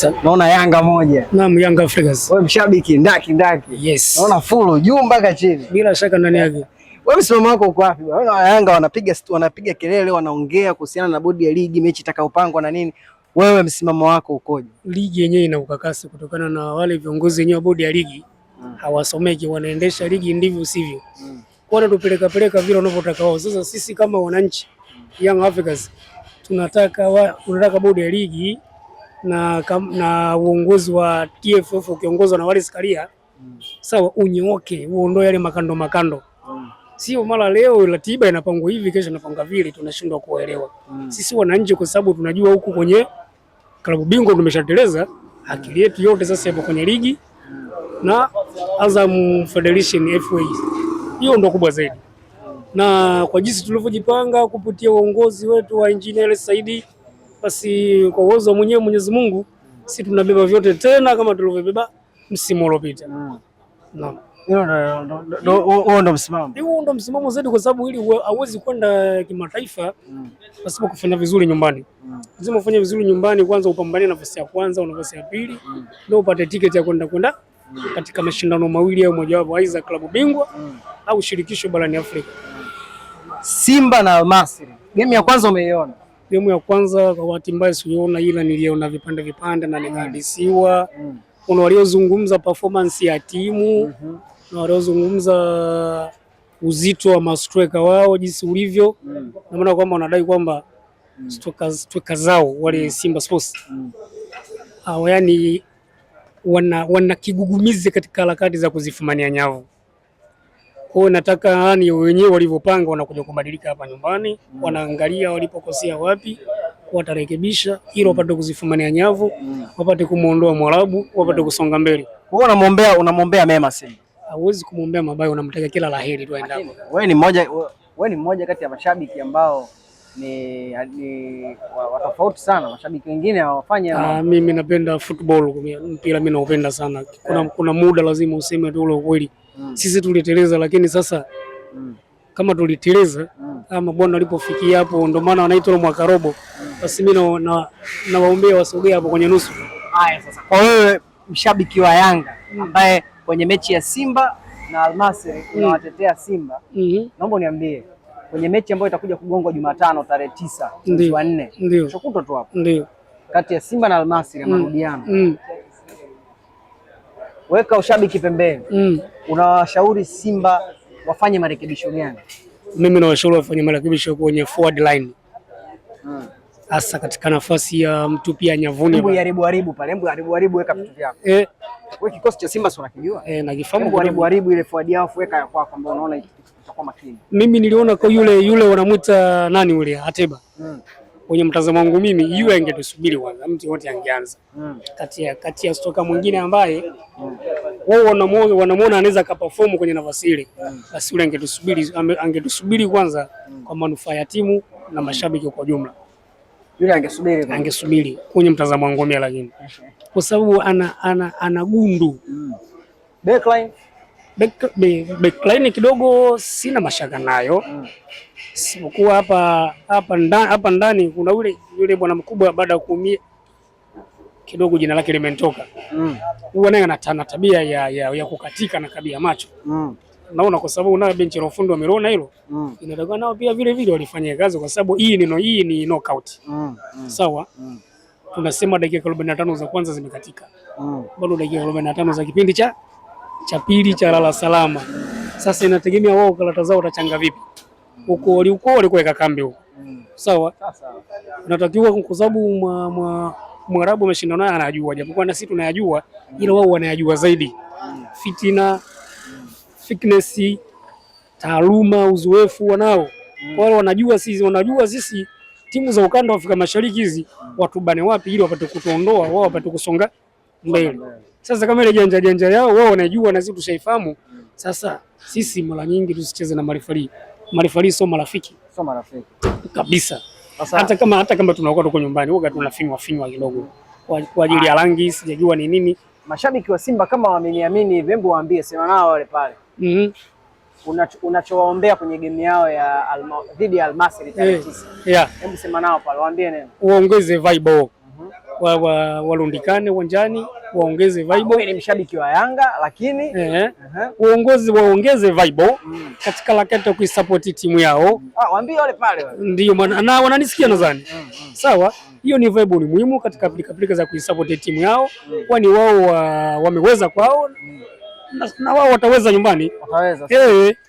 kabisa. Naona Yanga moja. Naam, Yanga Africans. Wewe mshabiki ndaki ndaki. Yes. Naona full juu mpaka chini. Bila shaka ndani yake. Wewe msimamo wako uko wapi? Yanga wanapiga wanapiga kelele, wanaongea kuhusiana na bodi ya ligi, mechi itakayopangwa na nini. Wewe msimamo wako ukoje? Ligi yenyewe ina ukakasi kutokana na wale viongozi wenyewe wa bodi ya ligi hmm. hawasomeki, wanaendesha ligi ndivyo sivyo Hmm. mm. tupeleka peleka vile wanavyotaka wao. Sasa sisi kama wananchi mm. Young Africans tunataka wa, tunataka bodi ya ligi na, na uongozi wa TFF ukiongozwa na Wallace Karia mm. Sawa, unyoke uondoe yale makando makando mm. Sio mara leo ratiba inapangwa hivi, kesho inapangwa vile, tunashindwa kuelewa mm. Sisi wananchi kwa sababu tunajua huku kwenye klabu bingwa tumeshateleza, akili yetu yote sasa yapo kwenye ligi na Azam Federation FA, hiyo ndo kubwa zaidi, na kwa jinsi tulivyojipanga kupitia uongozi wetu wa Engineer Saidi basi kwa uwezo wa mwenyewe Mwenyezi Mungu si tunabeba vyote tena kama tulivyobeba msimu uliopita. Mm. Naam. Huo ndo msimamo. Huo ndo msimamo zaidi kwa sababu ili hauwezi kwenda kimataifa mm. pasipo kufanya vizuri nyumbani. Mm. Lazima ufanye vizuri nyumbani kwanza, upambane nafasi ya kwanza au nafasi ya pili ndio upate tiketi ya kwenda kwenda katika mashindano mawili au mojawapo, aidha klabu bingwa au shirikisho barani Afrika. Simba na Almasri, Game ya kwanza umeiona? Gemu ya kwanza kwa bahati mbaya sikuiona, ila niliona vipande vipande na nikaadisiwa. Mm. Kuna waliozungumza performance ya timu mm -hmm. na waliozungumza uzito wa mastreka wao jinsi ulivyo mm. na maana kwamba wanadai kwamba mm. streka zao wale mm. Simba Sports mm. yani wana, wana kigugumizi katika harakati za kuzifumania nyavu. Kwa nataka yani wenyewe walivyopanga wanakuja kubadilika hapa nyumbani, wanaangalia walipokosea wapi, watarekebisha ili wapate kuzifumania nyavu, wapate kumuondoa Mwarabu, wapate kusonga mbele. Wewe unamwombea unamwombea mema Simba. Hauwezi kumwombea mabaya, unamtaka kila laheri tu endapo. Wewe ni mmoja wewe ni mmoja kati ya mashabiki ambao ni, ni watofauti sana mashabiki wengine hawafanya. Ah, mimi napenda football, mpira mimi naupenda sana. Kuna, yeah. kuna muda lazima useme tu ule ukweli mm. sisi tuliteleza, lakini sasa mm. kama tuliteleza mm. ama bwana alipofikia hapo, ndio maana wanaitwa mwaka robo. Basi mimi nawaombea wasogee hapo kwenye nusu. Haya, sasa kwa wewe mshabiki wa Yanga mm. ambaye kwenye mechi ya Simba na Almasri mm. unawatetea Simba, mhm. naomba uniambie kwenye mechi ambayo itakuja kugongwa Jumatano tarehe tisa mwezi wa nne, tu hapo, ndio kati ya Simba na Almasri ya mm. marudiano weka ushabiki pembeni mm. unawashauri Simba wafanye marekebisho gani? Mimi nawashauri wafanye marekebisho kwenye forward line mm. hasa hmm. katika nafasi ya mtu pia nyavuni, hebu haribu haribu pale, hebu haribu haribu, weka vitu vyako eh. Wewe kikosi cha Simba sio unakijua eh, nakifahamu. Haribu haribu ile forward yao, weka ya kwako ambayo unaona itakuwa makini. Mimi niliona kwa yule yule wanamuita nani yule Ateba hmm kwenye mtazamo wangu mimi, yule angetusubiri kwanza, mtu yote angeanza hmm. kati ya kati ya stoka mwingine ambaye wao wanamuona wanamuona anaweza akaperform kwenye nafasi ile, hmm. basi yule angetusubiri angetusubiri kwanza hmm. kwa manufaa ya timu na mashabiki kwa jumla. Yule angesubiri angesubiri kwenye mtazamo wangu mimi, lakini kwa sababu ana ana ana gundu backline backline kidogo, sina mashaka nayo. Isipokuwa hapa hapa ndani hapa ndani kuna yule yule bwana mkubwa baada ya kuumia kidogo jina lake limenitoka. Mm. Huwa naye ana tabia ya, ya, ya kukatika na kabia macho. Mm. Naona kwa sababu unayo benchi la ufundi wameliona hilo. Mm. Inatakiwa nao pia vile vile walifanyia kazi kwa sababu hii ni no, hii ni knockout. Mm. Mm. Sawa? Mm. Tunasema dakika 45 za kwanza zimekatika. Mm. Bado dakika 45 za kipindi cha cha pili cha lala salama. Sasa inategemea wao karata zao watachanga vipi huko ulikuwa ulikuweka kambi huko mm. Sawa, unatakiwa kwa sababu Mwarabu ameshinda naye anajua, japokuwa na sisi tunayajua, ila wao wanayajua zaidi mm. Fitina mm. fitness, taaluma, uzoefu wanao mm. Kwa wanajua sisi, wanajua sisi timu za ukanda wa Afrika Mashariki hizi watubane wapi, ili wapate kutuondoa wao, wapate kusonga mbele. Sasa kama ile janja janja yao wao wanajua na sisi tushaifahamu. Mm. Sasa sisi mara nyingi tusicheze na marifari marefari sio marafiki, sio marafiki kabisa. Hata kama hata kama tunakuwa tuko nyumbani, huwa tunafinywa finywa kidogo kwa kwa ajili ya ah. rangi, sijajua ni nini. Mashabiki wa Simba kama wameniamini hivi, hebu waambie, sema nao wale pale mm -hmm. unachowaombea kwenye game yao ya dhidi ya Almasri tarehe 9, eh, hebu sema nao pale, waambie neno, uongeze vibe warundikane wa, wa uwanjani waongeze vibe. Ni mshabiki wa Yanga lakini eh, uh eh. -huh. Uongozi waongeze vibe mm. katika harakati ya kuisapoti timu yao mm. ah, waambie wale pale wale. Ndio maana na wananisikia mm, nadhani mm. mm. sawa hiyo ni vibe ni muhimu katika pilika pilika za kuisupport timu yao, mm. kwani wao wameweza kwao mm. na, na wao wataweza nyumbani wataweza. Eh, eh.